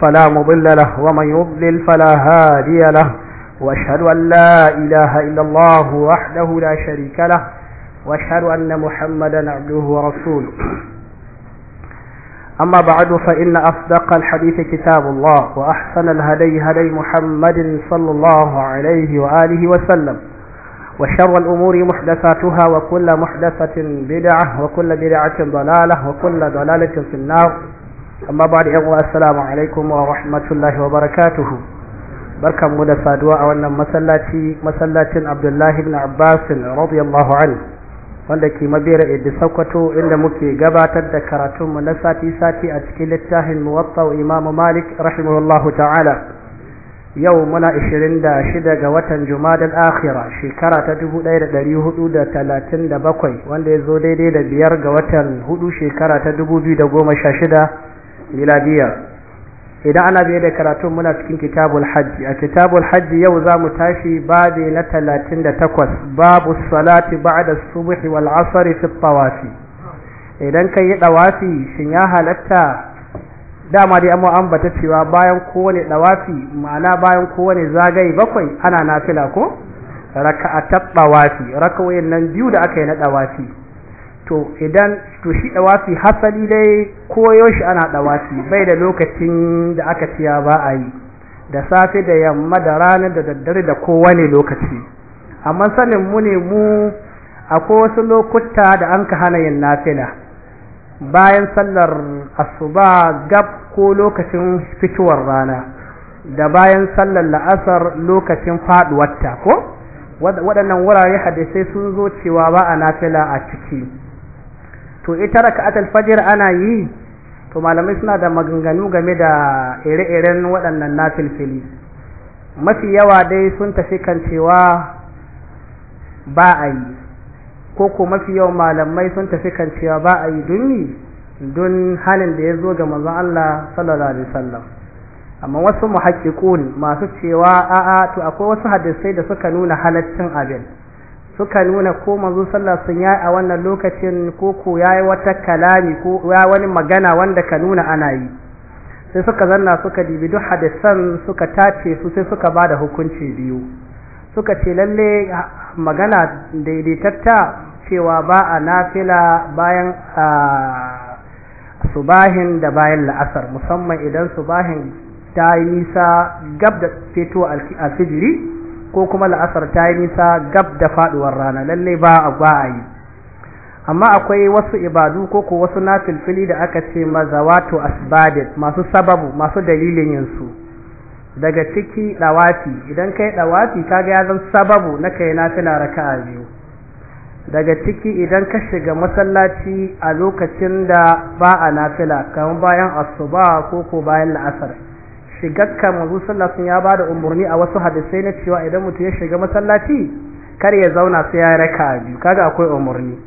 فلا مضل له ومن يضلل فلا هادي له واشهد أن لا إله إلا الله وحده لا شريك له واشهد أن محمدا عبده ورسوله أما بعد فإن أصدق الحديث كتاب الله وأحسن الهدي هدي محمد صلى الله عليه وآله وسلم وشر الأمور محدثاتها وكل محدثة بدعة وكل بدعة ضلالة وكل ضلالة في النار amma ba da yanwa assalamu alaikum wa rahmatullahi wa barakatuhu barkanmu da saduwa a wannan masallaci masallacin abdullahi ibn abbas radiyallahu anhu wanda ke mabera idda sokoto inda muke gabatar da karatunmu na sati-sati a cikin littafin muwatta Imam malik rahimahullahu ta'ala yau muna 26 ga watan jumadal akhira shekara ta 1437 wanda ya zo daidai da biyar ga watan hudu shekara ta 2016 miladiya idan ana biye da karatun muna cikin kitabul hajji a kitabul hajji yau za mu tashi babi na talatin da takwas babu salati ba'da subhi wal asr fi tawafi idan kai dawafi shin ya halatta dama dai amma an bata cewa bayan kowane dawafi ma'ana bayan kowane zagaye bakwai ana nafila ko raka'atat tawafi raka'o'in nan biyu da aka yi na dawafi to idan to shi dawafi hasali dai ko yaushe ana dawafi bai da lokacin da aka ciya ba a yi da safe da yamma da rana da daddare da kowane lokaci amma sanin mu ne mu akwai wasu lokuta da an ka hana yin nafila bayan sallar asuba gab ko lokacin fitowar rana da bayan sallar la'asar lokacin faduwarta ko waɗannan wurare hadisai sun zo cewa ba a nafila a ciki to ita raka'atul fajr ana yi to malamai suna da maganganu game da ire-iren waɗannan nafilfili mafi yawa dai sun tafi kan cewa ba a yi ko ko mafi yawan malamai sun tafi kan cewa ba a yi don yi don halin da ya zo ga manzon Allah sallallahu alaihi wasallam amma wasu muhaqqiqun masu cewa a'a to akwai wasu hadisai da suka nuna halaccin abin suka nuna ko manzo sallallahu alaihi wasallam a wannan lokacin ko ko yayi wata kalami ko ya wani magana wanda ka nuna ana yi sai suka zanna suka dibi duk hadisan suka tace su sai suka bada hukunci biyu suka ce lalle magana daidaitatta cewa ba a nafila bayan subahin da bayan la'asar musamman idan subahin ta yi nisa gab da feto alfijiri ko kuma la'asar ta yi nisa gab da faduwar rana lalle ba a ba yi amma akwai wasu ibadu ko ko wasu nafilfili da aka ce wato asbadit masu sababu masu dalilin yinsu daga ciki dawafi idan kai dawafi kaga ga zan sababu na kai nafila a biyu daga ciki idan ka shiga masallaci a lokacin da ba a nafila kamar bayan asuba ko ko bayan la'asar shigarka manzo sallallahu ya ba da umarni a wasu hadisai na cewa idan mutum ya shiga masallaci kar ya zauna sai ya raka biyu kaga akwai umurni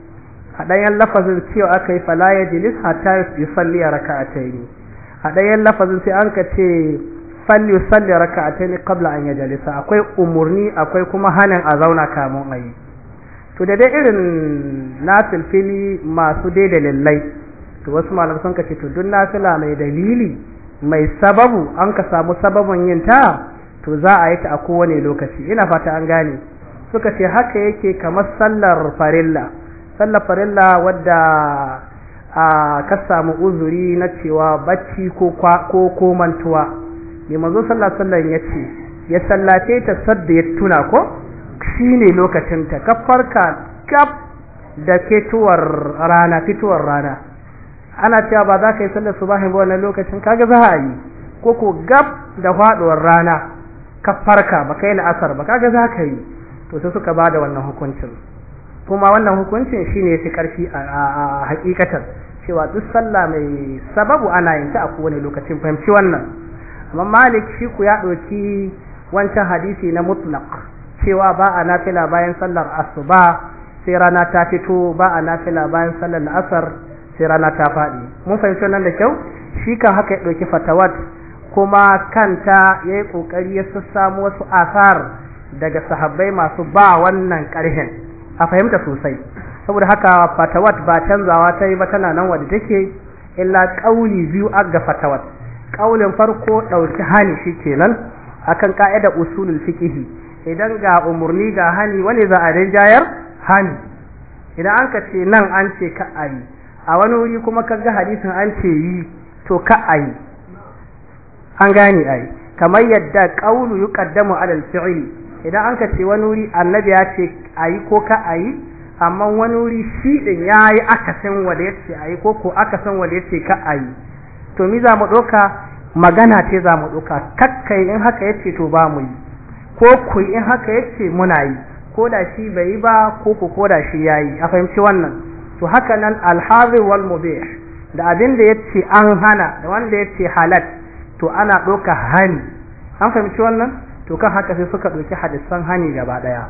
a lafazin cewa aka fala ya jilis hatta yusalli raka'atayn a ɗayan lafazin sai an ka ce falli yusalli raka'atayn qabla an yajlisa akwai umarni akwai kuma hanin a zauna kamun ayi to da dai irin nasil fili masu dai lallai, to wasu malamai sun ka ce to dun nasila mai dalili mai sababu an ka samu sababin yin ta to za a yi ta a kowane lokaci ina fata an gane suka ce haka yake kamar sallar farilla sallar farilla wadda a ka samu uzuri na cewa bacci ko ko mantuwa ne mazo sallar sallar ya ce ya sallace ta sadda ya tuna ko Shi ne lokacinta ka farka kaf da fitowar rana fitowar rana ana cewa ba za ka yi sallar subahi ba wannan lokacin kaga za a yi ko ko gab da faduwar rana ka farka ba kai la'asar ba kaga za ka yi to sai suka ba da wannan hukuncin kuma wannan hukuncin shine yafi karfi a hakikatar cewa duk sallah mai sababu ana yin ta a kowane lokacin fahimci wannan amma malik shi ku ya ɗauki wancan hadisi na mutlaq cewa ba a nafila bayan sallar asuba sai rana ta fito ba a nafila bayan sallar asar sai rana ta faɗi mun fahimci nan da kyau shi kan haka ya ɗauki fatawat kuma kanta ya yi ƙoƙari ya samu wasu asar daga sahabbai masu ba wannan ƙarhin a fahimta sosai saboda haka fatawat ba canzawa ta yi ba tana nan wadda take illa ƙauli biyu aga fatawat ƙaulin farko ɗauki hani shi kenan akan ƙa'idar usulul fiƙihi idan ga umarni ga hani wani za a rinjayar hani idan an ka ce nan an ce ka ayi a wani wuri kuma ga hadisin an ce yi to ka ayi an gane ayi kamar yadda qawlu yuqaddamu ala al-fi'li idan an ka ce wani wuri annabi ya ce ayi ko ka ayi amma wani wuri shi din yayi akasin wanda yace ayi ko ko akasin wanda yace ka ayi to mi za mu doka magana ce za mu ɗauka kakkai in haka yace to ba mu yi ko ku in haka yace muna yi ko da shi bai yi ba ko ko da shi yayi a fahimci wannan to haka nan alhazir wal mubih da abin da yace an hana da wanda yace halal to ana doka hani an fahimci wannan to kan haka sai suka doki hadisan hani gaba daya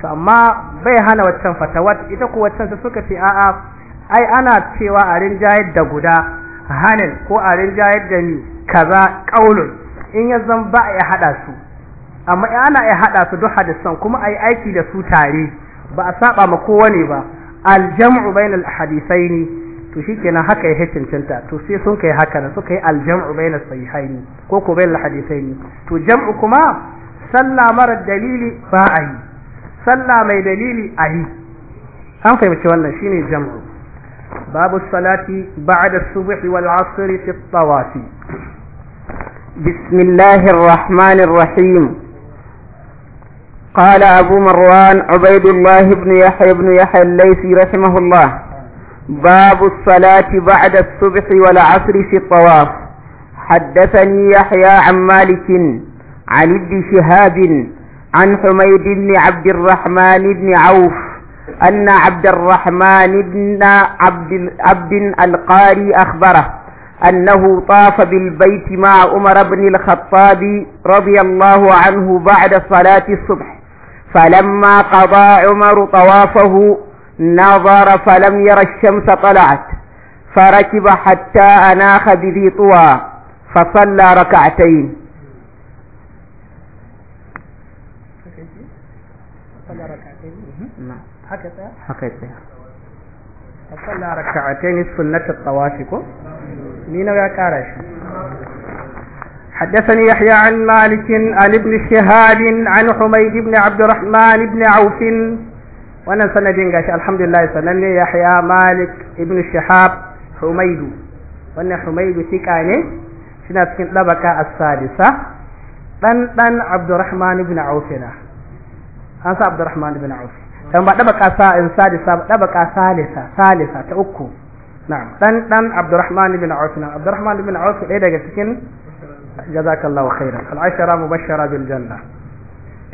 to amma bai hana waccan fatawat ita ko waccan sai suka ce a'a ai ana cewa a rinjayar da guda hanin ko a rinjayar da ni kaza kaulun in ya zan ba a hada su amma ana ya hada su duk hadisan kuma ai aiki da su tare ba a saba ma kowa ne ba الجمع بين الحديثين تشيكنا هكا يهتم تنتا تسيسون كي هكا نسوكي الجمع بين الصيحين كوكو بين الحديثين تجمعكما سلا مر الدليل فاعي سلا مي دليل اي هم في متوانا شيني الجمع باب الصلاة بعد الصبح والعصر في الطواف بسم الله الرحمن الرحيم قال أبو مروان عبيد الله بن يحيى بن يحيى الليثي رحمه الله باب الصلاة بعد الصبح والعصر في الطواف حدثني يحيى عن مالك عن ابن شهاب عن حميد بن عبد الرحمن بن عوف أن عبد الرحمن بن عبد, عبد القاري أخبره أنه طاف بالبيت مع عمر بن الخطاب رضي الله عنه بعد صلاة الصبح فلما قضى عمر طوافه نظر فلم ير الشمس طلعت فركب حتى أناخ بذي طوى فصلى ركعتين هكذا فصلى ركعتين سنة الطواف ni na ya kara shi حدثني يحيى wannan sanadin gashi alhamdulillah sannan ne Yahya Malik ibn Shihab Humaydu wannan Humaydu tika ne suna dabaka as-sadisa dan dan Abdurrahman ibn Auf ne an sa Abdurrahman ibn Auf dan ba dabaka sa in salisa salisa ta uku dan dan Abdurrahman ibn Auf ne Abdurrahman ibn Auf ɗaya daga cikin jazakallahu khairan al'ashara mubashshara bil janna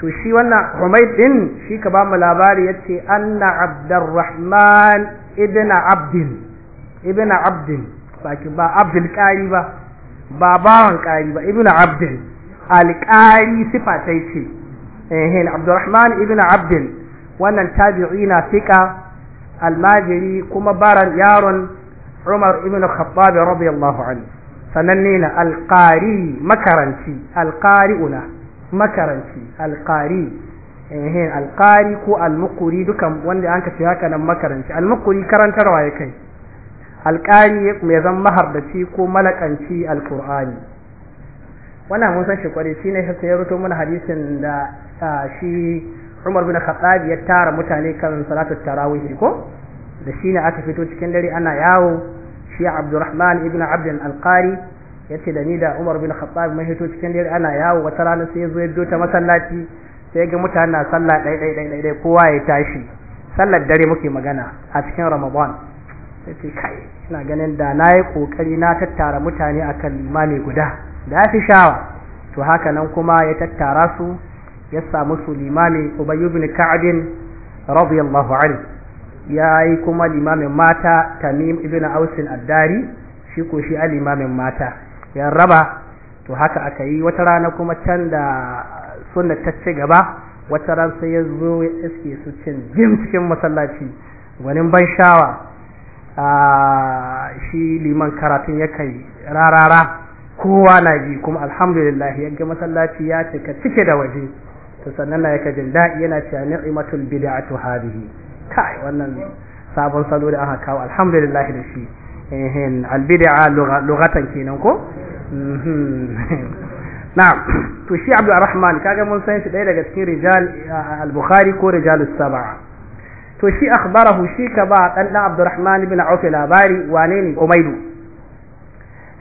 to shi wannan Humayd din shi ka bamu mu labari yace anna Abdurrahman ibn Abdin ibn Abdin baki ba Abdul Qari ba ba bawan Qari ba ibn Abdin al-Qari sifa tai ce eh Abdurrahman ibn Abdin wannan tabi'ina fika almajiri kuma baran yaron Umar ibn Khattab radiyallahu anhu sananne na alƙari makaranci una makaranci alƙari eh alƙari ko almukuri dukan wanda an kace haka nan makaranci almukuri karantarwa ya kai alƙari mai zan maharbaci ko malakanci alƙur'ani wannan mun san shi kware ne sai ya rubuto mana hadisin da shi Umar bin Khattab ya tara mutane kan salatu tarawih ko da shine aka fito cikin dare ana yawo shi Abdurrahman ibn Abd al yace da ni da Umar bin Khattab mai hito cikin dare ana yawo wata rana sai zo yaddo ta masallaci sai ga mutane na sallah dai dai dai dai kowa ya tashi sallar dare muke magana a cikin Ramadan ce kai ina ganin da nayi kokari na tattara mutane akan limami guda da fi shawa to haka nan kuma ya tattara su ya samu su limami Ubay ibn Ka'b radiyallahu anhu yayi kuma limamin mata Tamim ibn Aus al dari shi ko shi al mata ya raba to haka aka yi wata rana kuma can da sunna ta ci gaba wata ran sai ya zo iske su cin jin cikin masallaci gwanin ban shawa a shi liman karatun ya kai rarara kowa na ji kuma alhamdulillah ya ga masallaci ya cika cike da waje to sannan na yaka jin daɗi yana cewa ni'matul bid'atu ta kai wannan sabon salo da aka kawo alhamdulillah da shi ehin albid'a lugatan kenan ko na'am to shi Abdul Rahman kaga mun san shi ɗaya daga cikin rijal al-Bukhari ko rijalus sab'a to shi akhbarahu shi ka ba dan dan Abdul Rahman ibn Auf labari wane ne Umaydu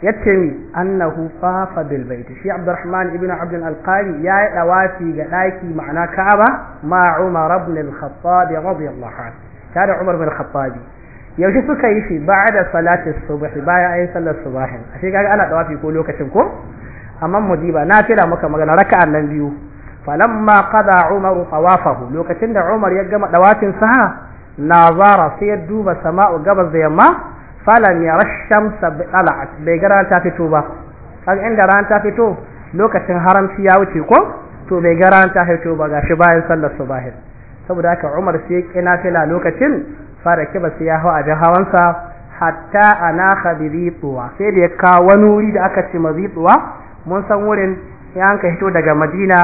yace mi annahu fafa bil bait shi Abdul Rahman ibn Abd al-Qari ya yi dawafi ga daki ma'ana Ka'aba ma Umar ibn al-Khattab radiyallahu anhu kada Umar ibn al-Khattab yaushe suka yi shi ba da salatin subahi baya ayi sallar subahin ashe kaga ana tawafi ko lokacin ko amma mudiba na tira maka magana raka'an nan biyu falamma qada umar tawafahu lokacin da umar ya gama dawatin sa nazara sai ya duba sama'u gabas da yamma falam yara shamsa bi'alat bai ga ta fito ba kaga inda ran ta fito lokacin haramci ya wuce ko to bai ga ran ta fito ba gashi bayan sallar subahin saboda haka umar sai ya kina fila lokacin fara kiba sai ya hawa abin hawansa hatta ana khabiri tuwa sai da ya kawo wani wuri da aka ce mazituwa mun san wurin ya hanka hito daga madina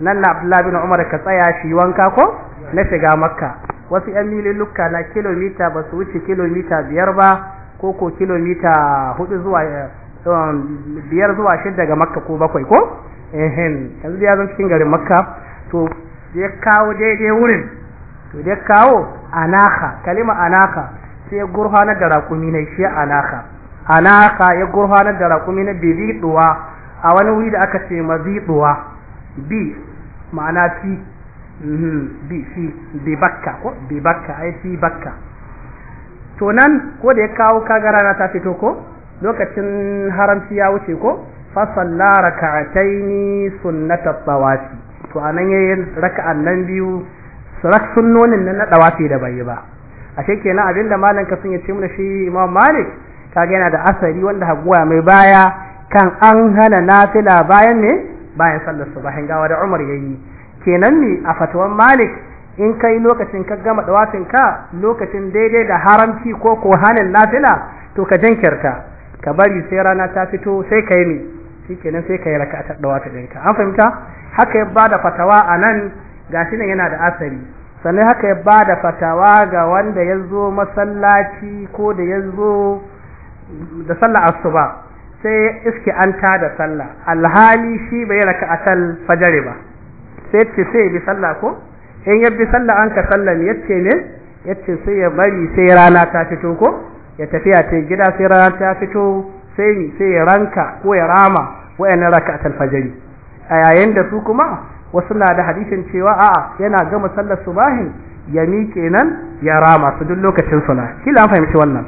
nan na abdullahi bin umar ka tsaya shi wanka ko na shiga makka wasu yan mililluka na kilomita ba su wuce kilomita biyar ba ko ko kilomita hudu zuwa um, biyar zuwa shida daga makka ko bakwai ko ehen yanzu ya zan cikin garin makka to ya kawo daidai wurin to dai kawo anaka kalima anaka sai gurhana da raƙumi ne shi anaka anaka ya gurhana da rakumi ne bi ziduwa a wani wuri da aka ce ma bi ma'ana fi mhm, bi fi bi bakka ko bi bakka ai fi bakka to nan ko da ya kawo kaga na ta fito ko lokacin haramci ya wuce ko salla raka'ataini sunnata tawafi to anan yayin raka'an nan biyu sarak sunnonin na na ɗawafi da bai ba ashe kenan abinda malam kasin yi ce mana shi Imam Malik kaga yana da asari wanda haguwa mai baya kan an hana nafila bayan ne bayan sallar subahin gawa da Umar ya yi kenan ne a fatawan Malik in kai lokacin ka gama dawafin ka lokacin daidai da haramci ko ko hanin nafila to ka jinkirta ka bari sai rana ta fito sai kai ne shikenan sai kai raka'a ta ɗinka an fahimta haka ya bada fatawa a nan. gashi nan yana da asari sannan haka ya bada fatawa ga wanda ya zo masallaci ko da ya zo da sallah asuba sai iske an ta da sallah alhali shi bai raka a atal fajare ba sai ce sai bi sallah ko in ya bi sallah an ka sallan yace ne yace sai ya bari sai rana ta fito ko ya tafiya ta gida sai rana ta fito sai sai ya ranka ko ya rama wayannan raka'atul fajri a yayin da su kuma wasu na da hadisin cewa a'a yana gama sallar subahin ya miƙe nan ya rama su duk lokacin suna kila an fahimci wannan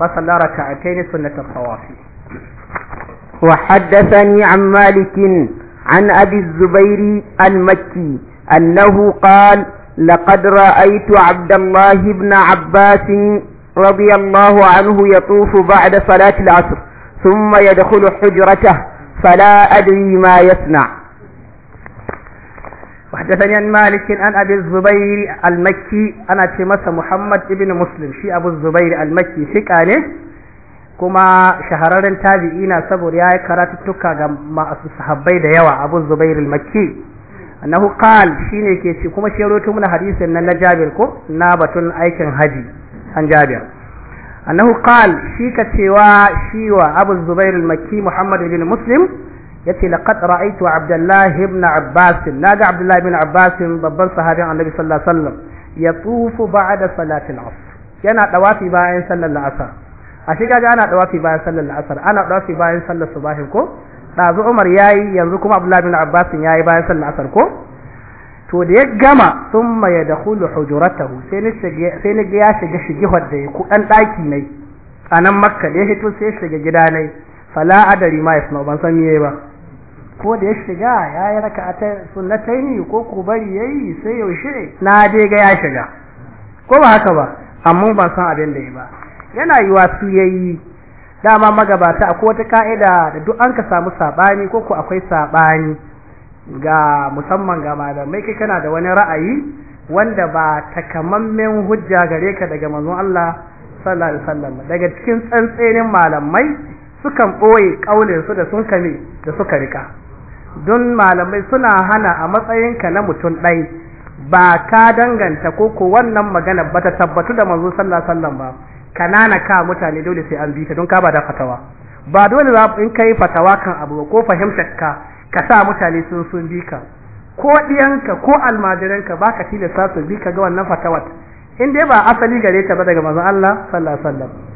fa sallar raka'atayn sunnatul tawafi wa haddathani an malik an abi zubairi al-makki annahu qala لقد رأيت عبد الله بن عباس رضي الله عنه يطوف بعد صلاة العصر ثم يدخل حجرته فلا أدري ما يصنع وحدثني malikin مالك عن أبي ana ce masa Muhammad محمد ابن shi شي أبو الزبير المكي kuma shahararren tabi'i na saboda yayi karatuttuka ga masu sahabbai da yawa Abu Zubair al shine ke ci kuma shi rawaito mana hadisin nan na Jabir ko na batun aikin haji an Jabir annahu shi ka cewa shi wa Abu Zubair Muhammad ibn Muslim yace laqad ra'aytu abdullahi ibn abbas naga abdullahi ibn abbas babban sahabi annabi sallallahu alaihi wasallam yatufu ba'da salati al-asr yana dawafi bayan sallar al-asr a shi kaga ana dawafi bayan sallar al-asr ana dawafi bayan sallar subah ko dazu umar yayi yanzu kuma abdullahi ibn abbas yayi bayan sallar al-asr ko to da ya gama thumma yadkhulu hujuratahu sai ne sai ne ya shiga shige wadda ku dan daki ne a nan makka da ya hito sai shiga gida ne fala adari ma yasma ban san ba ko da ya shiga ya yi raka ta sunatai ne ko ku bari ya yi sai yaushe na dai ga ya shiga ko ba haka ba amma ba san abin da ya ba yana wa su ya yi dama magabata akwai wata ka'ida da duk an ka samu saɓani ko ku akwai saɓani ga musamman ga malamai kai kana da wani ra'ayi wanda ba takamammen hujja gare ka daga manzon Allah sallallahu alaihi wasallam daga cikin tsantsenin malamai sukan ɓoye su da sun kame da suka rika don malamai suna hana a matsayinka na mutum ɗai ba ka danganta ko ko wannan magana ba ta tabbatu da manzo sallah alaihi ba kanana ka mutane dole sai an bi ta don ka ba da fatawa ba dole ba in kai fatawa kan abu ko fahimtar ka ka sa mutane sun sun bi ka ko ɗiyanka ko almajiranka ba ka tilasta su bi ka ga wannan fatawa in dai ba asali gare ta ba daga manzo Allah sallallahu alaihi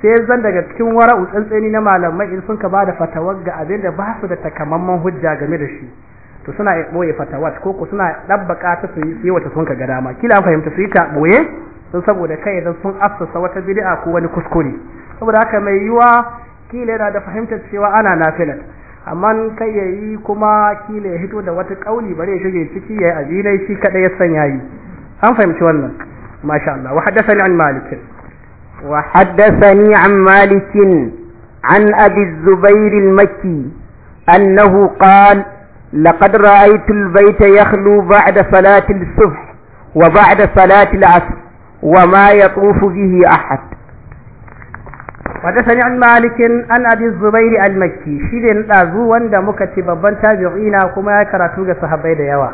sai zan daga cikin wara'u tsantseni na malamai in sun ka ba da fatawar ga abin da ba su da takamamman hujja game da shi to suna boye fatawat ko ko suna dabbaka ta su yi wata sun ka gada ma kila an fahimta su yi ta boye sun saboda kai idan sun afsasa wata bid'a ko wani kuskure saboda haka mai yiwa kila yana da fahimtar cewa ana nafilat amma kai yayi kuma kila ya hito da wata kauli bare ya shige ciki yayi azinai shi kada ya sanya yi an fahimci wannan masha Allah wa haddathani an malikin وحدثني عن مالك عن أبي الزبير المكي أنه قال لقد رأيت البيت يخلو بعد صلاة الصبح وبعد صلاة العصر وما يطوف به أحد حدثني عن مالك عن ابي الزبير المكي شيء دازو wanda muka ce babban tabi'ina kuma ya karatu ga sahabbai da yawa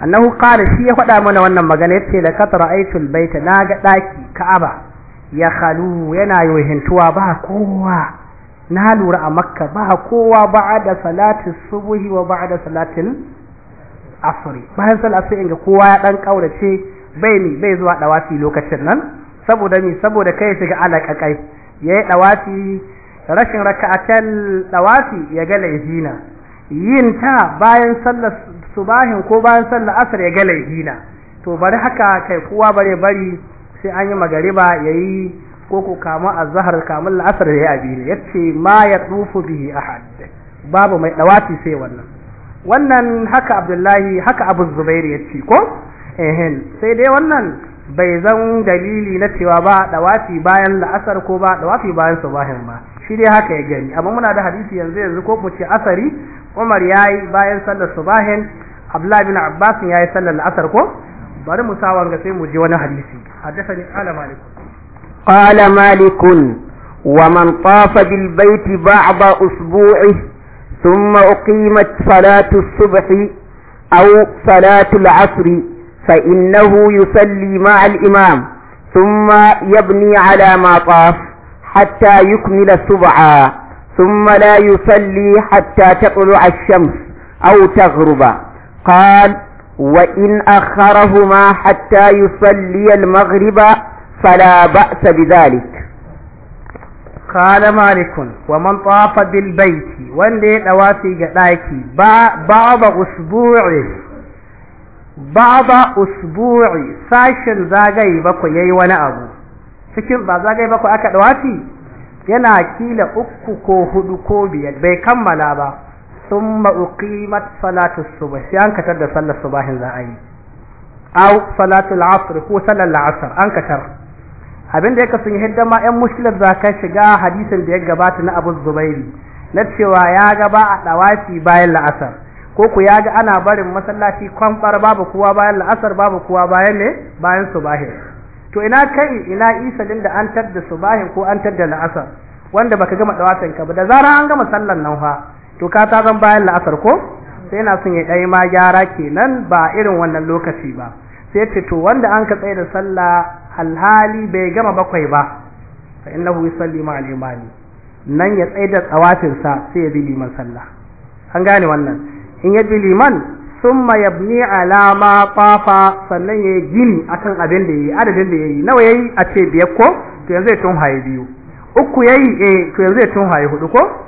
annahu qala shi ya faɗa mana wannan ya khalu yana yohintuwa ba kowa na lura a makka ba kowa ba da salatin subuhi wa ba da salatin asri bayan sallar asri inga kowa ya dan kaurace bai ni bai zuwa dawafi lokacin nan saboda ni saboda kai shiga alakakai yayi dawafi rashin raka'atan dawafi ya ga laifina yin ta bayan sallar subahin ko bayan sallar asr ya ga laifina to bari haka kai kowa bare bari sai an yi magariba yi ko ko a zahar kamun la'asar yayi abi ce ma ya tsufu bihi ahad babu mai dawati sai wannan wannan haka abdullahi haka abu zubair yace ko ehen sai dai wannan bai zan dalili na cewa ba ɗawafi bayan la'asar ko ba dawafi bayan subahin ba shi dai haka ya gani amma muna da hadisi yanzu yanzu ko mu ce asari Umar yayi bayan sallar subahin Abdullahi bin Abbas yayi sallar la'asar ko bari mu sa wanga sai mu je wani hadisi haddathani qala malik qala malik wa man tafa bil bait ba'da usbu'i thumma uqimat salatu subhi aw salatu al-'asr فإنه يصلي مع الإمام ثم يبني على ما طاف حتى يكمل السبعة ثم لا يصلي حتى تطلع الشمس أو تغرب قال وإن أخرهما حتى يصلي المغرب فلا بأس بذلك قال مالك ومن طاف بالبيت وندي دواسي غدايكي بعض أسبوع بعض أسبوع ساشن زاغي بكو يي وانا أبو cikin ba zagaye ba ku aka dawati yana kila uku ko hudu ko biyar bai kammala ba thumma uqimat salatu subh sai an katar da sallar subahin za a yi aw salatu al-asr ko sallar al-asr an katar abinda yake sun hidda ma ɗan mushkilar ka shiga hadisin da ya gabata na Abu Zubairi na cewa ya ga ba a dawafi bayan la'asar ko ku ya ga ana barin masallaci kwamfar babu kowa bayan la'asar babu kowa bayan ne bayan subahin to ina kai ina isalin da an tadda subahin ko an tadda la'asar wanda baka gama dawafin ka ba da zarar an gama sallar nan fa to ka ta zan bayan la'asar ko sai na son ya ɗai ma gyara kenan ba irin wannan lokaci ba sai ce to wanda an ka tsaye da sallah alhali bai gama bakwai ba fa innahu yusalli ma al-imani nan ya tsaye da tsawatin sa sai ya bi liman sallah an gane wannan in ya bi liman summa yabni ala ma tafa sannan yayi gini akan abin da yayi adadin da yayi nawa yayi a ce biyar ko to yanzu ya tun haye biyu uku yayi eh to yanzu ya tun haye hudu ko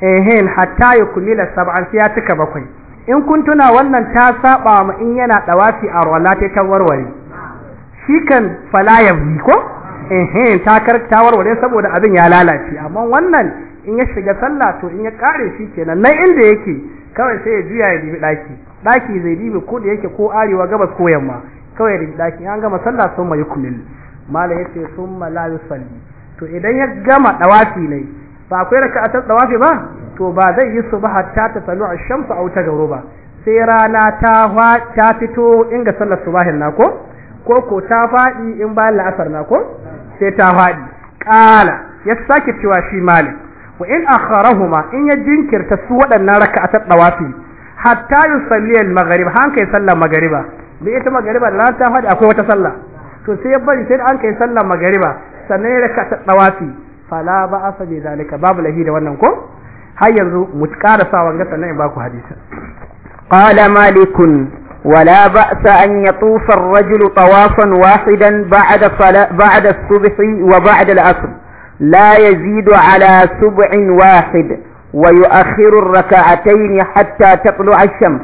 ehin hatta ya kumila sab'an sai ya cika bakwai in kun tuna wannan ta saba ma in yana dawafi a rola ta ta warware shi kan fala ya bi ko ehin ta kar warware saboda abin ya lalace amma wannan in ya shiga sallah to in ya kare shi kenan nan inda yake kawai sai ya juya ya dibi daki daki zai dibi ko da yake ko arewa gabas ko yamma kawai ya dibi daki an gama sallah sun mai kumil mala yace sun la yusalli to idan ya gama dawafi ne ba akwai raka'atan tawafi ba to ba zai yi su ba hatta ta salu ash-shamsu aw tagaru ba sai rana ta ta fito inga sallar subahin na ko ko ko ta fadi in ba la'asar na ko sai ta fadi qala ya sake cewa shi malik wa in akharahuma in ya jinkirta su waɗannan raka'atan tawafi hatta yusalli al-maghrib han sallar magriba bi ita magriba da ta fadi akwai wata sallah to sai ya bari sai an kai sallar magriba sannan ya raka ta tawafi فلا بأس بذلك باب zalika babu lahi da wannan ko har yanzu mu ƙara sa wanga sannan in baku hadisi qala malikun ولا بأس أن يطوف الرجل طوافا واحدا بعد, بعد الصبح وبعد العصر لا يزيد على سبع واحد ويؤخر الركعتين حتى تطلع الشمس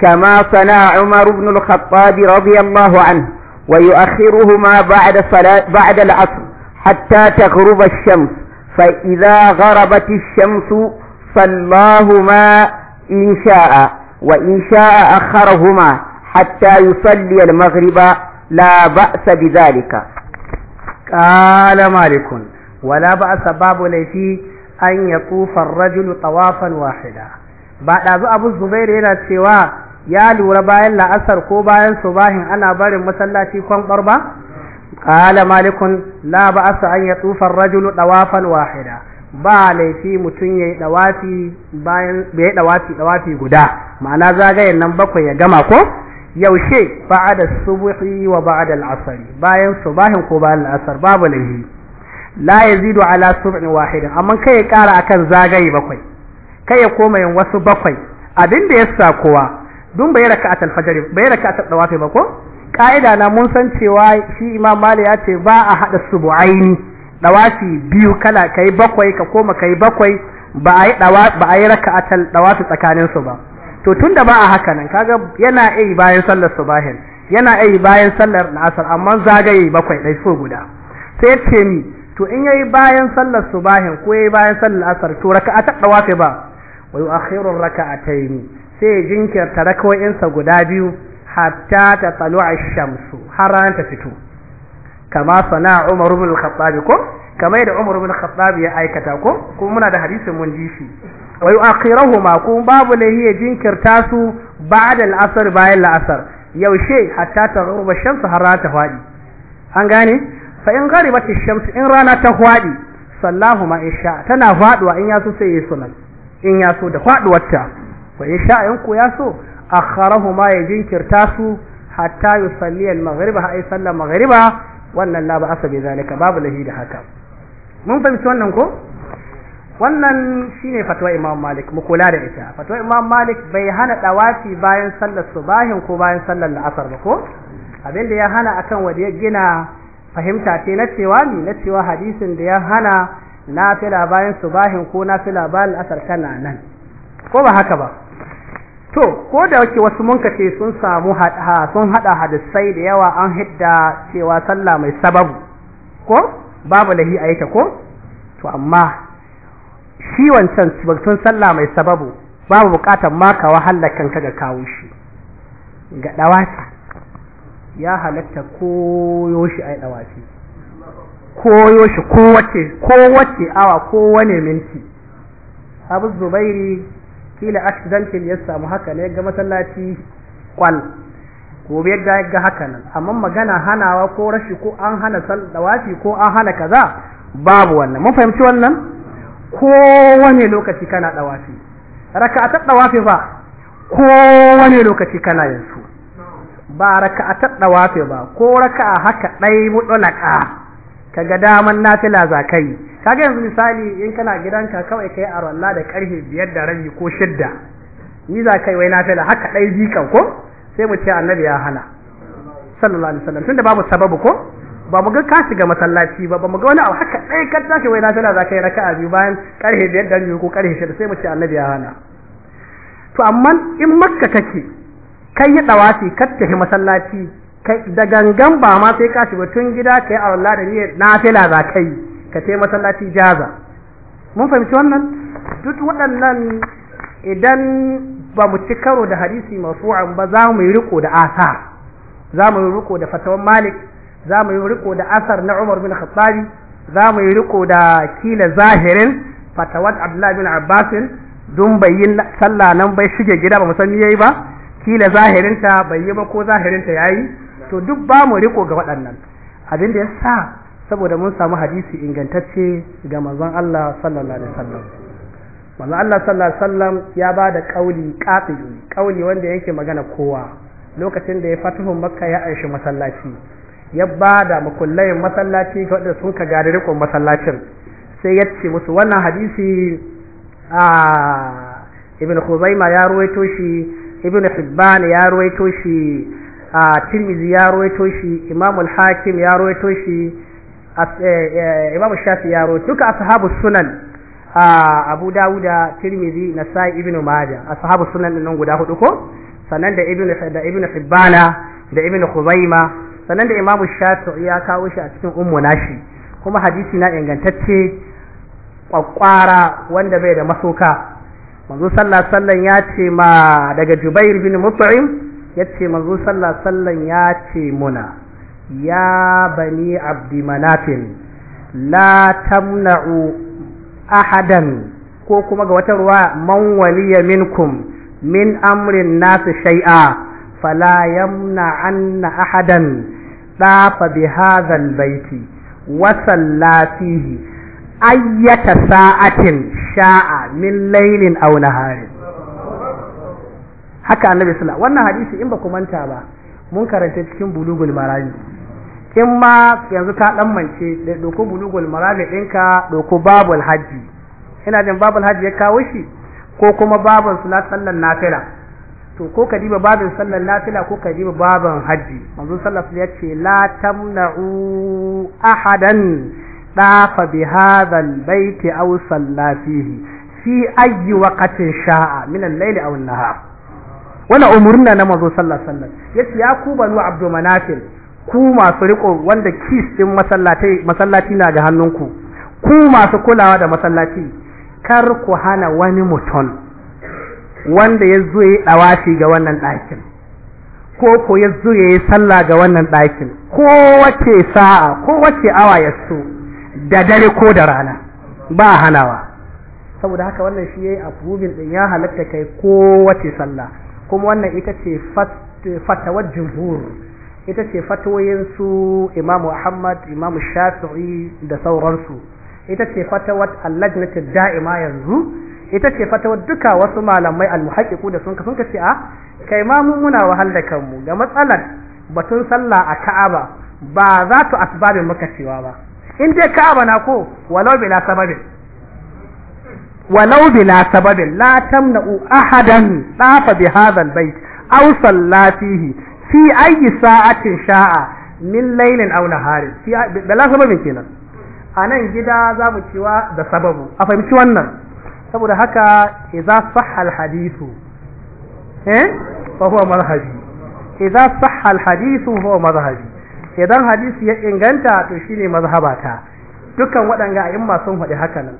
كما صنع عمر بن الخطاب رضي الله عنه ويؤخرهما بعد, صلاة بعد العصر حتى تغرب الشمس فإذا غربت الشمس صلاهما إن شاء وإن شاء أخرهما حتى يصلي المغرب لا بأس بذلك قال مالك ولا بأس باب ليفي أن يطوف الرجل طوافا واحدا بعد أبو أبو الزبير إلى السواء يا lura إلا la'asar ko bayan subahin ana barin masallaci kwan قال مالك لا بأس أن يطوف الرجل طوافا واحدا ba laifi mutum ya yi dawafi bayan bai yi dawafi dawafi guda ma'ana zagayen nan bakwai ya gama ko yaushe ba'ada subuhi wa ba'ada al'asari bayan subahin ko bayan al'asar babu laifi la yazidu ala sub'in wahidin amma kai ya kara akan zagaye bakwai kai ya koma yin wasu bakwai abin da ya sa kowa dun bai raka atal fajr bai raka dawafi ba ko ka'ida na mun san cewa shi imam mali ya ce ba a haɗa subu'aini dawasi biyu kala kai bakwai ka koma kai bakwai ba a yi ba a yi raka'atal dawafi tsakanin su ba to tunda ba a haka nan kaga yana yi bayan sallar subahin yana yi bayan sallar asar amma zagaye bakwai dai so guda sai ce mi to in yayi bayan sallar subahin ko yayi bayan sallar asar to raka'atal dawafi ba wa yu'akhiru raka'ataini sai jinkirta rakawoyinsa guda biyu hatta ta tsalo a shamsu har ranar ta fito kama sana umar rubin al ko kama yadda umar rubin al ya aikata ko kuma muna da hadisin mun ji shi wa ma ko babu lahi ya jinkirta su ba'da al-asr bayan al-asr yaushe hatta ta gurba shamsu har rana ta fadi an gane fa in gharibat ta shamsu in rana ta fadi sallahu ma isha tana faduwa in ya so sai yi sunan in ya so da faduwarta wa insha in ku ya so akharahuma ya jinkirta su hatta yusalli al ha ay salla maghriba wannan la ba asabi zalika babu lahi da haka mun fahimci wannan ko wannan shine fatwa Imam Malik mu kula da ita fatwa Imam Malik bai hana dawafi bayan sallar subahin ko bayan sallar la'asar ba ko Abin da ya hana akan wanda ya gina fahimta ce na cewa ni na cewa hadisin da ya hana nafila bayan subahin ko nafila bayan la'asar kana nan ko ba haka ba to ko da yake wasu mun sun samu hada sun hada hadisai da yawa an hidda cewa sallah mai sababu ko babu lahi ayyuka ko to amma shi wancan batun sallah mai sababu babu bukatar ma ka wahala kanka ga kawo shi ga dawaci ya halatta koyo shi ai dawaci koyo shi ko wace awa wane minti abu zubairi kila accidental ya samu haka ne ga masallaci kwal gobe yadda ya ga haka nan amma magana hanawa ko rashi ko an hana sallawati ko an hana kaza babu wannan mun fahimci wannan ko wani lokaci kana dawafi ta dawafi ba ko wani lokaci kana yin su ba ta dawafi ba ko raka'a haka dai mutlaka kaga daman nafila za ka yi kaga yanzu misali in kana gidanka kawai kai a ralla da karfe biyar da rabi ko shidda ni za ka yi wai nafila haka ɗai kan ko sai mu ce annabi ya hana sallallahu alaihi wasallam tunda babu sababu ko ba mu ga ka shiga masallaci ba ba mu ga wani abu haka ɗai ka tashi wai nafila za ka yi raka'a biyu bayan karfe biyar da rabi ko karfe shidda sai mu ce annabi ya hana to amma in makka kake kai yi dawafi ka tafi masallaci da gangan ba ma sai ka shiga tun gida ka yi Allah da niyyar nafila za ka yi ka ce masallaci jaza mun fahimci wannan duk waɗannan idan ba mu ci karo da hadisi marfu'an ba za mu yi riko da asar za mu yi riko da fatawan malik za mu yi riko da asar na umar bin khattabi za mu yi riko da kila zahirin fatawat abdullahi bin abbasin dun bai yi sallah nan bai shige gida ba mu san yayi ba kila zahirinta bai yi ba ko zahirinta yayi to duk ba mu riko ga waɗannan abin da ya sa saboda mun samu hadisi ingantacce ga manzon Allah sallallahu alaihi wasallam manzon Allah sallallahu alaihi wasallam ya ba da kauli qati kauli wanda yake magana kowa lokacin da ya fatihun makka ya aishi masallaci ya ba da makullai masallaci ga wanda sun ka gari rikon masallacin sai ya ce musu wannan hadisi a ibn khuzaima ya ruwaito shi ibn hibban ya ruwaito shi a tirmizi ya roito shi imam al-hakim ya roito shi eh, eh, imam shafi ya roito duka ashabu sunan abu dawuda tirmizi sai ibnu majah ashabu sunan nan guda hudu ko sannan da ibnu da ibnu hibbana da ibnu khuzaima sannan da imam Al-Shafi ya kawo shi a cikin ummu nashi kuma hadisi na ingantacce kwakwara wanda bai da masoka manzo sallallahu alaihi wasallam ya ce ma daga jubair bin mut'im yace manzo sallallahu sallan ya ce muna ya bani abdi manafin la tamna'u ahadan ko kuma ga wata ruwa man waliya minkum min amrin nasu shai'a fala yamna anna ahadan dafa bi hadhal baiti wa lafihi ayyata sa'atin sha'a min laylin aw naharin haka annabi sallallahu wannan hadisi in ba ku manta ba mun karanta cikin bulugul marami in ma yanzu ka dan mance da doko bulugul marami dinka doko babul hajji ina jin babul hajji ya kawo shi ko kuma babun sulat sallan nafila to ko ka diba babin sallan nafila ko ka diba babin hajji manzo sallallahu alaihi ya ce la tamna'u ahadan dafa bi hadhal albayt aw salla fihi fi ayyi waqtin sha'a min al-layli aw an-nahar wannan umurna na mazo sallallahu alaihi wasallam yace ya ku banu ku masu riko wanda kis din masallaci na ga hannunku ku masu kulawa da masallaci kar ku hana wani mutum wanda ya zo yayi dawashi ga wannan ɗakin ko ko ya zo yayi sallah ga wannan ɗakin ko wace sa'a ko wace awa ya so da dare ko da rana ba hanawa saboda haka wannan shi yayi approving din ya halatta kai ko wace sallah kuma wannan ita ce fatawar jumhur ita ce fatawoyinsu imamu Ahmad Imam Shafi'i da sauransu ita ce fatawar al da'ima yanzu ita ce fatawar duka wasu malamai al da sun ka sun ce a ah, kai mamu muna wahal da kanmu ga matsalar batun sallah a Ka'aba ba za ta asbabin cewa ba in dai Ka'aba na ko walau bila sababin ولو بلا سبب لا تمنع أحدا طاف bai البيت أو صلى فيه في أي ساعة شاء min lailin aw naharin da la sababin kenan a nan gida za mu da sababu a fahimci wannan saboda haka idza sahha al hadithu eh fa huwa mazhabi idza sahha al hadithu idan hadisi ya inganta to shine mazhabata dukkan waɗanga a'imma sun faɗi haka nan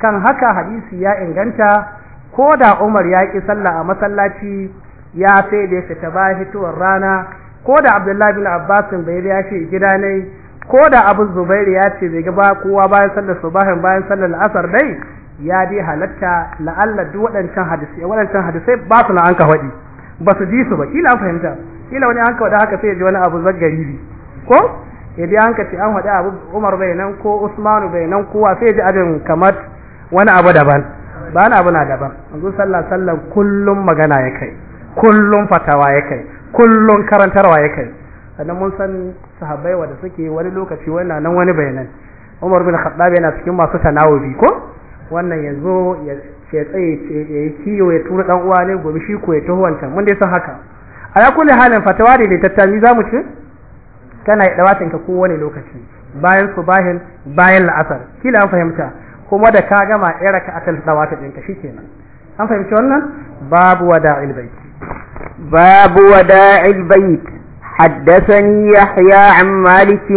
kan haka hadisi ya inganta ko da Umar ya ki sallah a masallaci ya sai da fita bayan hitowar rana ko da Abdullahi bin Abbas bai ya ce gida ne ko da Abu Zubairu ya ce bai ga ba kowa bayan sallar subahin bayan sallar asar dai ya dai halatta la'alla duk waɗancan hadisi waɗancan hadisai ba su na an ka faɗi ba su ji su ba kila an fahimta kila wani an ka haka sai ya ji wani abu zaggari ko ya an ka ce an faɗa abu Umar bai nan ko Usman bai nan kowa sai ya ji abin kamar wani abu daban ba wani abu na daban manzo sallallahu sallar kullum magana ya kai kullum fatawa ya kai kullum karantarwa ya kai sannan mun san sahabbai wanda suke wani lokaci wani nan wani bayanan Umar bin Khattab yana cikin masu tanawubi ko wannan yanzu ya ce tsaye ya yi kiyo ya tura dan uwa ne gobe shi ko ya taho wancan mun dai san haka A ya kulle halin fatawa da za mu ce kana yi watin ka kowane lokaci bayan subahin bayan la'asar kila an fahimta kuma da ka gama ɗaya ka akan dawata ɗinka shikenan an fahimci wannan babu wada'il bait babu wada'il bait haddathani yahya عن malik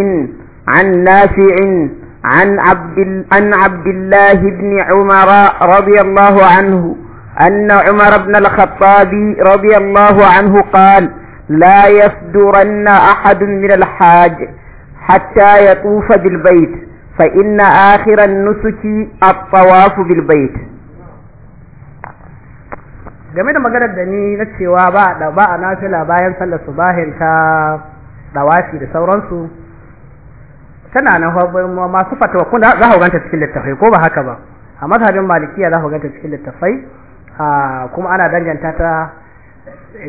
an nafi' عن عبد عن عبد الله بن عمر رضي الله عنه أن عمر بن الخطاب رضي الله عنه قال لا يصدرن أحد من الحاج حتى يطوف بالبيت fa inna akhiran nusuki at-tawaf bil bait game da maganar da ni na cewa ba da ba a nafila bayan sallar subahin ta dawafi da sauransu tana nan masu fatawa kun za ku ganta cikin littafai ko ba haka ba a mazhabin malikiya za ku ganta cikin littafai kuma ana danganta ta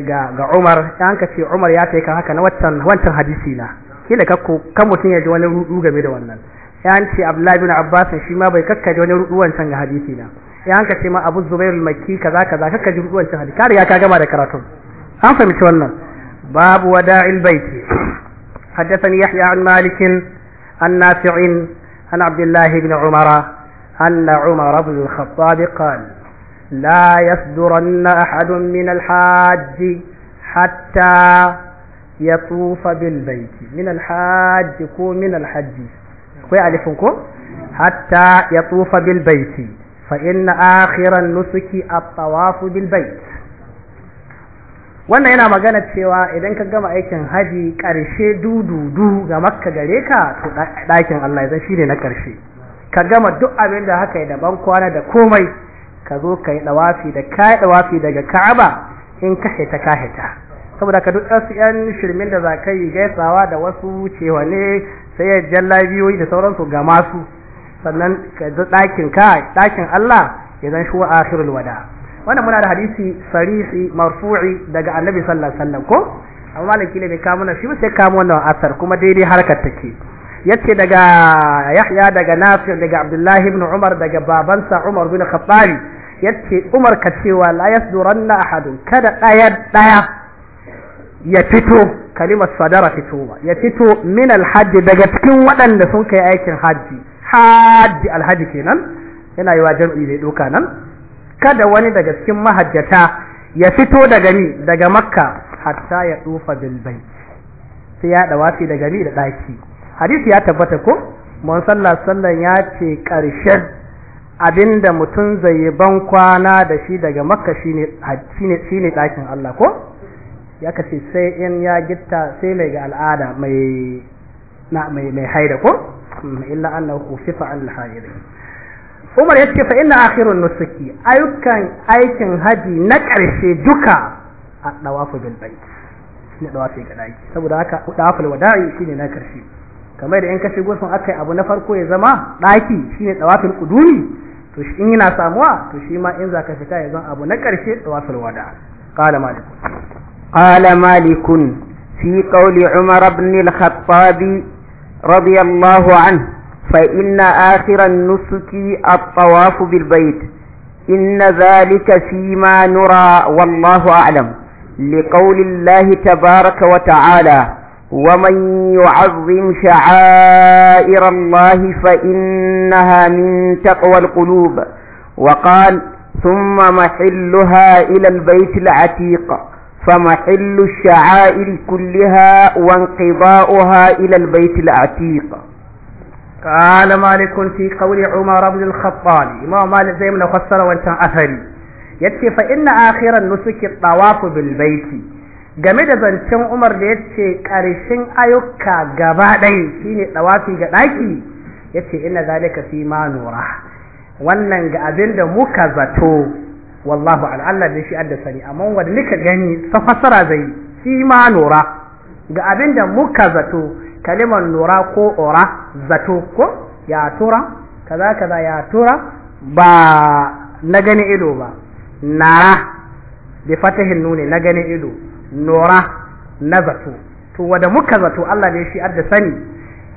ga Umar dan ka ce Umar ya taika haka na watan wannan hadisi na kila ka ko kan mutun ya ji wani ruɗu game da wannan ya ce abdullahi bin abbas shi ma bai kakkaje wani ruwan san ga hadisi na yan ka ce ma abu Zubair al makki kaza kaza kakkaje ruwan san hadisi ka riga ka gama da karatu an fahimci wannan babu wada'il baiti حدثني يحيى عن مالك عن نافع عن عبد الله بن عمر أن عمر بن الخطاب قال لا يصدرن أحد من الحاج حتى يطوف بالبيت من الحاج كو من الحج akwai alifin ko hatta ya tsufa bil baiti fa inna akhiran nusuki at-tawafu bil wannan yana magana cewa idan ka gama aikin haji karshe dududu ga makka gare ka to dakin Allah zan shine na karshe ka gama duk abin da haka da ban kwana da komai ka zo ka dawafi da kai dawafi daga Ka'aba in ka hita ka hita saboda ka duk ɗansu shirmin da za gaisawa da wasu cewa ne sai ya biyoyi da sauransu ga masu sannan ka ɗakin ka ɗakin Allah ya zan shi wa akhirul wada wannan muna da hadisi sarihi marfu'i daga annabi sallallahu alaihi wasallam ko amma malaki ne ka muna shi sai ka wannan asar kuma daidai harkar take yace daga Yahya daga Nafi' daga Abdullahi ibn Umar daga babansa Umar bin khattabi yace Umar ka cewa la yasduranna ahadun kada daya daya ya fito kalimar sadara fitowa ya fito min alhaji daga cikin waɗanda sun kai aikin hajji hajji alhaji kenan yana yi wa jam'i zai doka nan kada wani daga cikin mahajjata ya fito daga ni daga makka hatta ya tsufa bilbai sai ya fi daga ni da ɗaki hadisi ya tabbata ko mun sallah sallan ya ce ƙarshen abinda mutum zai ban kwana da shi daga makka shine shine shine ɗakin Allah ko ya kace sai in ya gitta sai mai ga al'ada mai na mai mai haida ko illa annahu khufifa al haid Umar ya ce fa inna akhirun nusuki ayyukan aikin haji na ƙarshe duka a dawafu bil bait ne dawafu ga daki saboda haka dawaful wada'i shine na ƙarshe kamar da in ka shigo sun akai abu na farko ya zama daki shine dawaful qudumi to shi in yana samuwa to shi ma in zaka fita ya zama abu na ƙarshe dawaful wada'i qala malik قال مالك في قول عمر بن الخطاب رضي الله عنه فإن آخر النسك الطواف بالبيت إن ذلك فيما نرى والله أعلم لقول الله تبارك وتعالى ومن يعظم شعائر الله فإنها من تقوى القلوب وقال ثم محلها إلى البيت العتيق فمحل الشعائر كلها وانقضاؤها إلى البيت العتيق قال مالك في قول عمر بن الخطاب ما مالك زي من خسر وانت اثري يتي فإن آخر النسك الطواف بالبيت جمد زنتم عمر ليتي كارشين أيوكا جبادي فين الطواف جنايكي يتي إن ذلك فيما نوره wannan ga abin da muka zato wallahu ala Allah da shi adda sani amma wanda nika gani tafasara zai shi ma nura ga abinda muka zato kalimar nura ko ora zato ko ya tura kaza kaza ya tura ba na gani ido ba nara bi fatahin nuni na gani ido nura na zato to wanda muka zato Allah da shi adda sani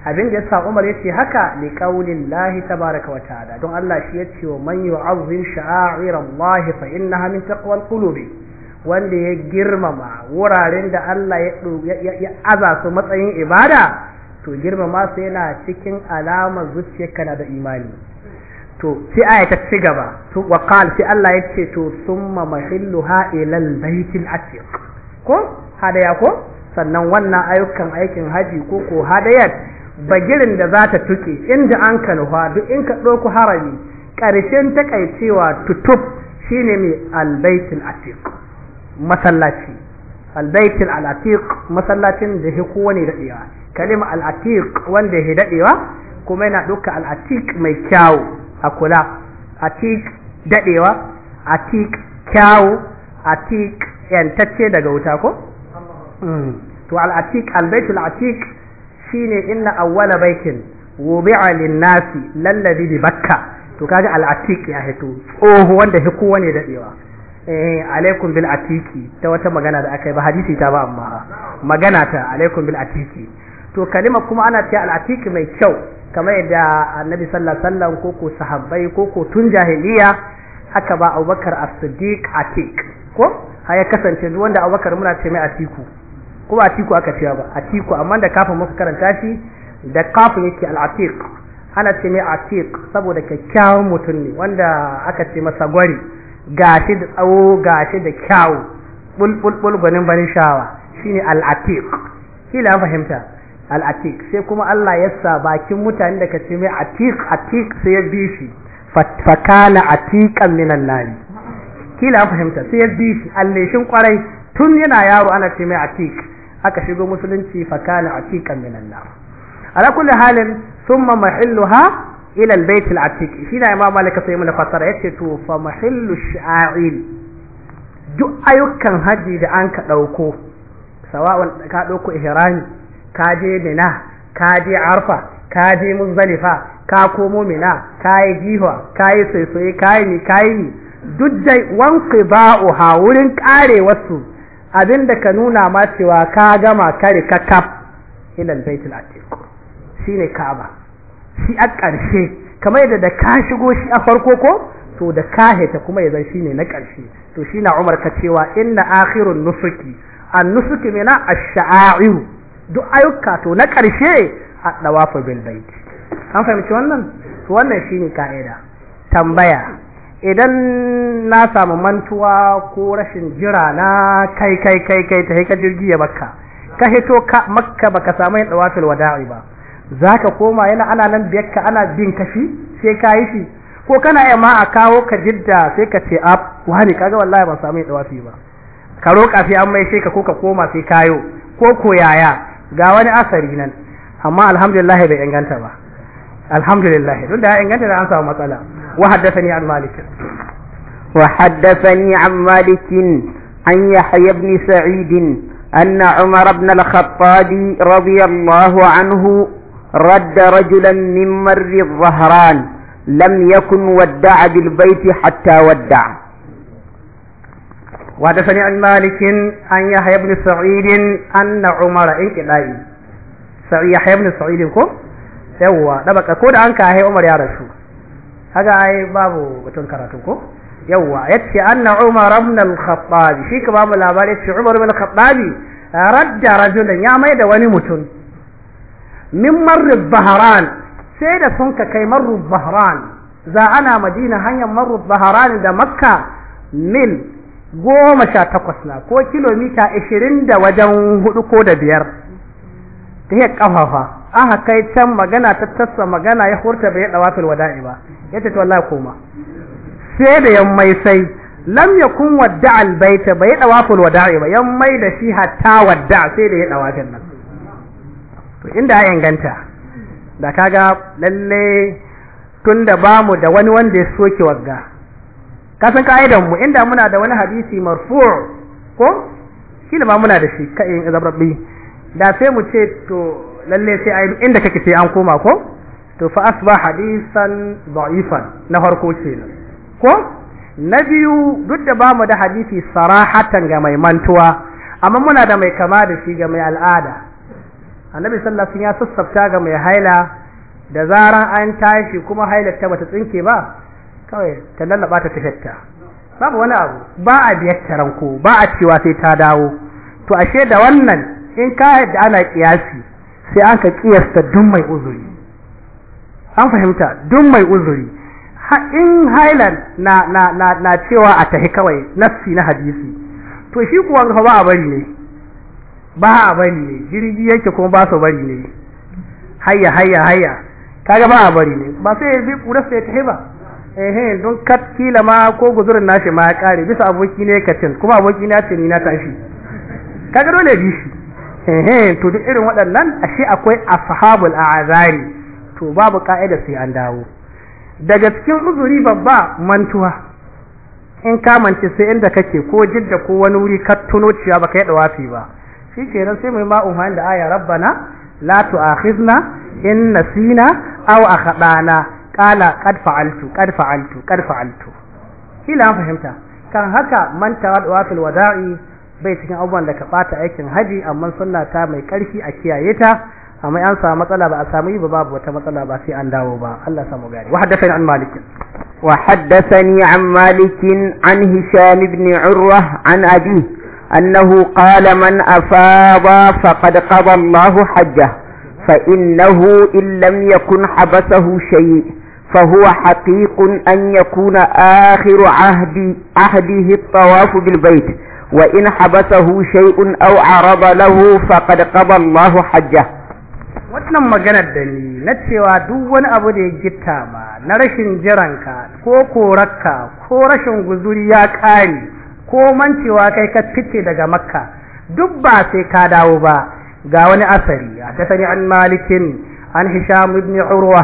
abin da yasa Umar yace haka li qaulin lahi tabaaraka wa ta'ala don Allah shi yace wa man yu'azzim sha'air Allah fa innaha min taqwal qulubi wanda ya girmama wuraren da Allah ya ya aza su matsayin ibada to girmama su yana cikin alama zuciyarka na da imani to sai aya ta ci gaba to wa sai Allah yace to summa mahilluha ila al-baytil atiq ko hadaya ko sannan wannan ayyukan aikin haji ko ko hadayat bagirin da za ta tuke inda an kalwa duk in ka ɗauku harami ƙarshen taƙaicewa tutub shine mai albaitin atiq masallaci albaitin al'atiq masallacin da shi kowane daɗewa kalima al'atiq wanda shi daɗewa kuma yana ɗauka al'atiq mai kyawu a kula atik daɗewa atik kyawu atik yantacce daga wuta ko? Mm. to al'atik albaitin atik shine inna awwala baitin wubi'a lin-nasi lalladhi bi bakka to kaga al-atiq ya hito oh wanda shi kowa ne dadewa eh alaikum bil atiki ta wata magana da aka yi ba hadisi ta ba amma magana ta alaikum bil atiki to kalima kuma ana ce al atiki mai kyau kamar yadda annabi sallallahu alaihi wasallam ko ko sahabbai ko ko tun jahiliya haka ba Abubakar as-Siddiq atik ko haya kasance duk wanda Abubakar muna ce mai atiku ko ba tiku aka ba Atiku, amma da kafin muka karanta shi da kafa yake al'atiq ana ce mai atiq saboda kyakkyawan mutum ne wanda aka ce masa gwari gashi da tsawo gashi da kyawu bulbulbul gwanin banin shawa shine al'atiq kila an fahimta al'atiq sai kuma Allah ya sa bakin mutane da kace mai atiq atiq sai ya bi shi fakana atiqan minan nari kila an fahimta sai ya bi shi allishin kwarai tun yana yaro ana ce mai atiq aka shigo musulunci fa fakana atiqan min an-nar ala kulli halin thumma mahilluha ila al-bayt al-atiq shi na imam malik sai mun fasara yace to fa mahillu sha'il duk ayyukan haji da an ka dauko sawa'un ka dauko ihrami ka je mina ka je arfa ka je muzdalifa ka komo mina ka yi jiwa ka yi sai ka yi ka yi duk dai wanqiba'uha wurin kare wasu abin da ka nuna ma cewa ka gama kare ka kaf ilal baitul atiq shine kaaba shi a ƙarshe kamar yadda da ka shigo shi a farko ko to da ka heta kuma yanzu shine na ƙarshe to shi na umar ka cewa inna akhirun nusuki an nusuki mina ash-sha'a'ir duk ayyuka to na ƙarshe a dawafa bil bait an fahimci wannan to wannan shine ka'ida tambaya idan na samu mantuwa ko rashin jira na kai kai kai kai ta haika jirgi ya baka, ka hito ka makka baka samu yin dawafil wada'i ba zaka koma yana ana nan biyar ka ana bin kashi sai ka yi shi ko kana iya ma a kawo ka jidda sai ka ce ab wani kaga wallahi ba samu yin dawafi ba ka roƙa sai an mai sai ka ko ka koma sai kayo ko ko yaya ga wani asari nan amma alhamdulillah bai inganta ba alhamdulillah duk da ya inganta da an samu matsala وحدثني عن مالك وحدثني عن مالك عن يحيى بن سعيد أن عمر بن الخطاب رضي الله عنه رد رجلا من مر الظهران لم يكن ودع بالبيت حتى ودع وحدثني عن مالك عن يحيى بن سعيد أن عمر إيه سعيد يحيى بن سعيد كو سوى دبك كود عنك هي عمر يا رسول kaga ai babu batun karatu ko yawa yace anna umar ibn al-khattab shi ka babu labari shi umar ibn al-khattab radda rajulan ya mai da wani mutum min marr bahran sai da sun ka kai marr bahran za ana madina hanyar marr bahran da makka mil goma sha takwas na ko kilomita ashirin da wajen hudu ko da biyar ta yi ƙafafa aka kai can magana ta tassa magana ya furta bai fil wada'i ba yace to wallahi koma sai da yammai sai lam yakun wadda baita bai fil wada'i ba yammai da shi hatta wadda sai da ya dawafin nan to inda ya inganta da kaga lalle tunda bamu da wani wanda ya soke wagga kasan ka'idan mu inda muna da wani hadisi marfu' ko shi ma muna da shi kai zababbi da sai mu ce to lalle sai ai inda kake sai an koma ko to fa asba hadisan da'ifan na farko kenan ko na biyu duk da bamu da hadisi sarahatan ga mai mantuwa amma muna da mai kama da shi ga mai al'ada annabi sallallahu alaihi wasallam ya sassafta ga mai haila da zaran an tashi kuma hailar ta bata tsinke ba kawai ta lallaba ta tafatta babu wani abu ba a biyar taranko ba a cewa sai ta dawo to ashe da wannan in ka yadda ana kiyasi sai an ka kiyasta duk mai uzuri an fahimta duk mai uzuri in highland na na na na cewa a tahi kawai nassi na hadisi to shi kuwa ga ba a bari ne ba a bari ne jirgi yake kuma ba su bari ne hayya hayya hayya kaga ba a bari ne ba sai ya bi kura sai tahi ba ehe don kat kila ma ko guzurin nashi ma ya kare bisa aboki ne katin kuma aboki na ce ni na tashi kaga dole bi shi ehe to duk irin waɗannan ashe akwai ashabul a'azari to babu ka'ida sai an dawo daga cikin uzuri babba mantuwa in ka mance sai inda kake ko jidda ko wani wuri ka tuno ciya baka yi fi ba shi kenan sai mai umman da aya rabbana la tu'akhizna in nasina aw akhadana qala qad fa'altu qad fa'altu qad fa'altu kila fahimta kan haka mantawa wafil wada'i bai cikin abubuwan da ka bata aikin haji amma sunna ta mai karfi a kiyaye ta amma an samu matsala ba a samu yi ba babu wata matsala ba sai an dawo ba Allah ya samu gari wa haddathani an malik wa haddathani an malik an hisham ibn urwa an abi annahu qala man afada faqad qada Allahu hajjah فإنه إن لم يكن حبسه شيء فهو حقيق أن يكون آخر عهد عهده الطواف بالبيت وإن حبسه شيء أو عرض له فقد قضى الله حجه wannan maganar da ni na cewa duk wani abu da ya gitta ma na rashin jiranka ko korakka ko rashin guzuri ya kare ko mancewa kai ka fice daga makka duk ba sai ka dawo ba ga wani asari a sani an malikin an hisham ibn urwa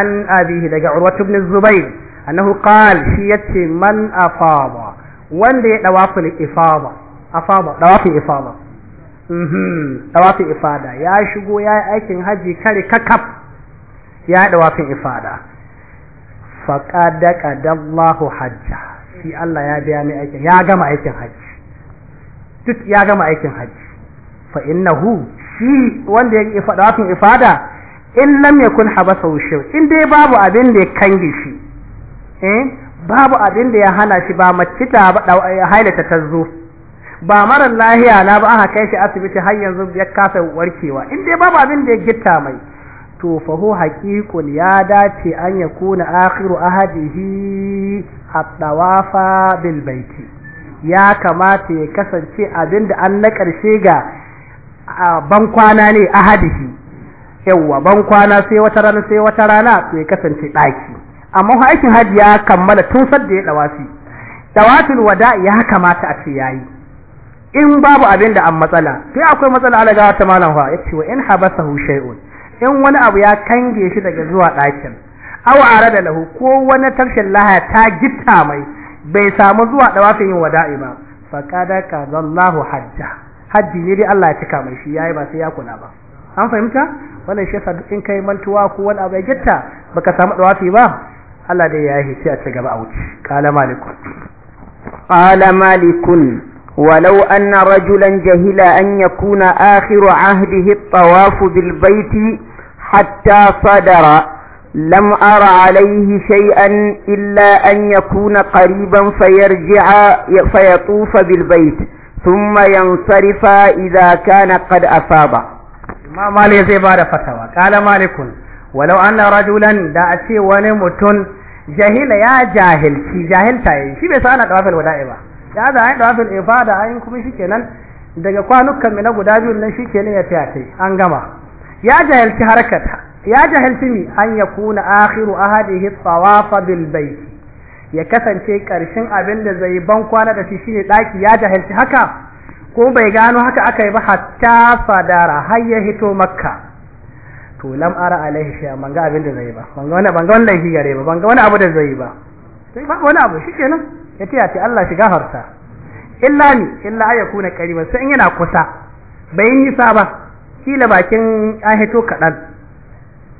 an abihi daga urwa ibn zubair annahu qal shi yace man afaba wanda ya dawaful ifada afada dawaful ifada mhm ifada ya shigo ya yi aikin haji kare kakaf ya yi ɗawafin ifada faqad qadallahu hajja shi Allah ya biya mai aikin ya gama aikin haji duk ya gama aikin haji fa innahu shi wanda ya yi ɗawafin ifada in lam yakun habasa shir in dai babu abin da ya kange shi eh babu abin da ya hana shi ba mace ta eh, hailata ta zo ba marar lahiya na ba aka kai shi asibiti har yanzu ya kasa warkewa in dai babu abin da ya gitta mai to fa hu haqiqun ya dace an ya kuna akhiru ahadihi at-tawafa bil baiti ya kamata ya kasance abin da an na karshe ga ban kwana ne ahadihi yawa ban kwana sai wata rana sai wata rana to ya kasance daki amma aikin hajji ya kammala tun sadda ya dawafi dawafin wada ya kamata a ce yayi in babu abin da an matsala sai akwai matsala ala ga wata malam fa yace wa in habasahu shay'un in wani abu ya kange shi daga zuwa ɗakin aw arada lahu ko wani tarshen laha ta gitta mai bai samu zuwa dawafin yin wada'i ba faqada zallahu hajja hajji ne dai Allah ya cika mai shi yayi ba sai ya kula ba an fahimta wannan shi yasa duk in kai mantuwa ko wani abu ya gitta baka samu dawafi ba Allah dai ya yi sai a ci gaba a wuce qala malikun qala malikun ولو أن رجلا جهل أن يكون آخر عهده الطواف بالبيت حتى صدر لم أر عليه شيئا إلا أن يكون قريبا فيرجع فيطوف بالبيت ثم ينصرف إذا كان قد أصاب ما مالي زي بعد فتوى قال مالك walau anna rajulan da a ce wani mutum jahila ya jahilci jahilta yi shi bai sa ana dawafil wada'i ba ya da ayin dawafil ibada ayin kuma shikenan daga kwanukan mina guda biyu nan shikenan ya fiyace an gama ya jahilci harkata ya jahilci mi an ya yakuna akhiru ahadihi tawafa bil bait ya kasance karshen abin da zai ban kwana da shi shine daki ya jahilci haka ko bai gano haka aka yi ba hatta fadara har ya hito makka to lam ara alaihi shay ban ga abin da zai ba ban ga wani ban ga wani laifi gare ba ban ga wani abu da zai ba sai ba wani abu shikenan ya ce ya ce Allah shiga harta illa ni illa ya kuna qariban sai in yana kusa bai nisa ba kila bakin aheto kadan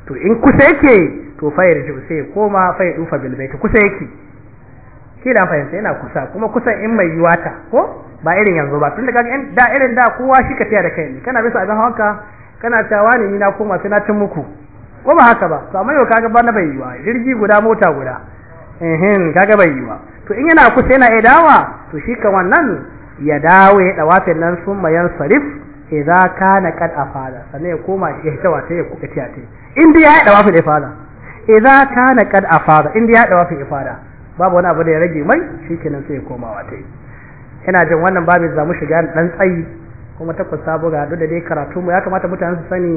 to in kusa yake to fa yarji sai koma fa ya dufa bil baiti kusa yake kila fahimta yana kusa kuma kusa in mai yiwata ko ba irin yanzu ba tun da kaga da irin da kowa shi ka tayar da kai ne kana bisa ga hawanka kana cewa ne ni na koma sai na tun muku ko ba haka ba to amma yau kaga ba na bai yiwa jirgi guda mota guda ehin kaga bai yiwa to in yana kusa yana edawa to shi kan wannan ya dawo ya dawafin nan sun mayan sarif idza kana qad afala sannan ya koma ya tawa ta ya kuka tiyate in dai ya dawafin ifada idza kana qad afala in dai ya dawafin ifada babu wani abu da ya rage mai shikenan sai ya koma wa tai ina jin wannan babin zamu shiga dan tsayi kuma takwas buga duk da dai karatu mu ya kamata mutane su sani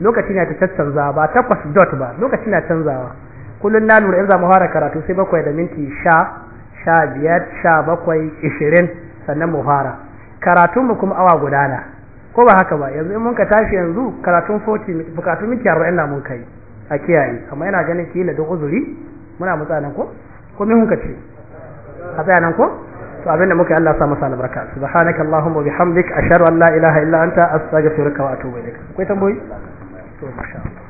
lokaci na ta canza ba takwas dot ba lokaci na canzawa kullun na lura in za mu fara karatu sai bakwai da minti sha sha biyar sha bakwai ishirin sannan mu fara karatu mu kuma awa gudana ko ba haka ba yanzu in mun ka tashi yanzu karatun 40 bukatun minti 40 na mun kai a kiyaye amma ina ganin kila da uzuri muna nan ko ko me mun ka ce a tsaya nan ko فأبنى الله سامسا لبركة سبحانك اللهم وبحمدك أشهد أن لا إله إلا أنت أستغفرك وأتوب إليك كويس أم بوي؟ ما الله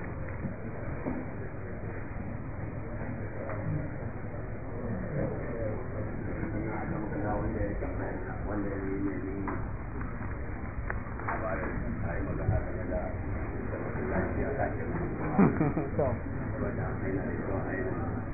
Thank you.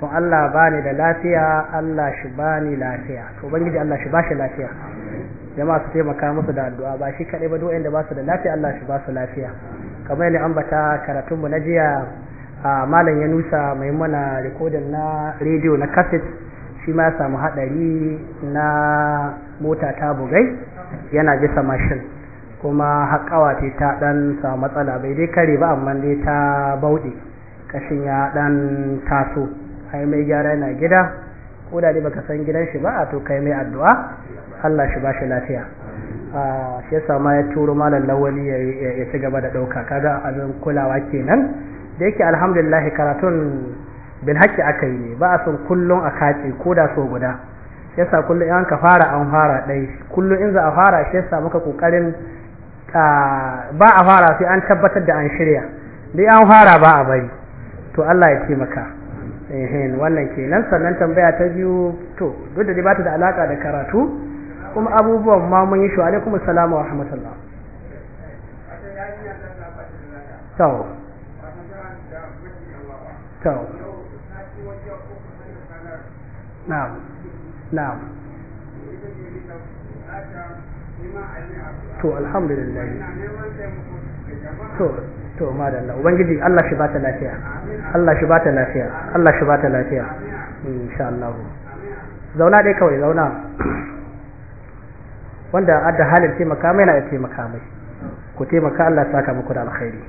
to Allah bani da lafiya Allah shi bani lafiya to ubangiji Allah shi ba shi lafiya jama'a su taimaka musu da addu'a ba shi kadai ba duk da ba su da lafiya Allah shi ba su lafiya kamar yadda ambata karatun mu na jiya a malam ya nusa mai mana rikodin na rediyo na kaset shi ma ya samu hadari na mota ta bugai yana bisa mashin kuma haƙawa ce ta ɗansa samu matsala bai dai kare ba amma dai ta bauɗe kashin ya ɗan taso kai mai gyara yana gida ko da ba baka san gidan shi ba a to kai mai addu'a Allah shi ba shi lafiya shi yasa ma ya turo malam lawali ya ci gaba da ɗauka kaga abin kulawa kenan da yake alhamdulillah karatun bil haƙƙi aka yi ne ba a son kullum a kace ko da so guda yasa kullum in ka fara an fara dai kullum in za a fara shi yasa muka kokarin ba a fara sai an tabbatar da an shirya dai an fara ba a bari to Allah ya taimaka ehin wannan kenan sannan tambaya ta biyu to duk da dai bata da alaka da karatu kuma abubuwan ma mun yi shi alaikum assalam wa rahmatullah to to na'am na'am to alhamdulillah to to Allah ubangiji Allah shi bata lafiya Allah shi bata lafiya Allah shi bata lafiya insha Allah zauna dai kawai zauna wanda adda halin taimaka mai yana ya taimaka ku ku taimaka Allah saka muku da alkhairi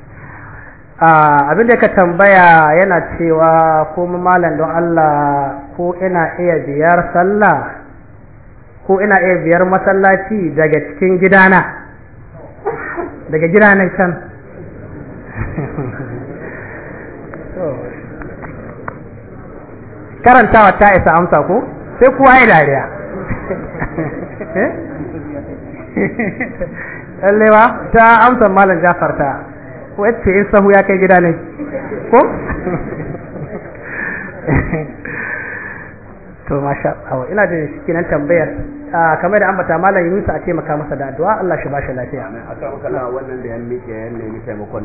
abin da ka tambaya yana cewa ko malam don Allah ko ina iya biyar sallah ko ina iya biyar masallaci daga cikin gidana daga gidanan can karantawa ta isa amsa ko sai kuwa ya dariya eh? lallewa ta amsa malam jafar ta wacce in sahu ya kai gida ne ko to masha awa ina da shi nan tambayar ah, kamar da ambata malam Yunusa a taimaka masa da addu'a Allah shi ba shi lafiya a aka wannan da mike yan ne nemi taimakon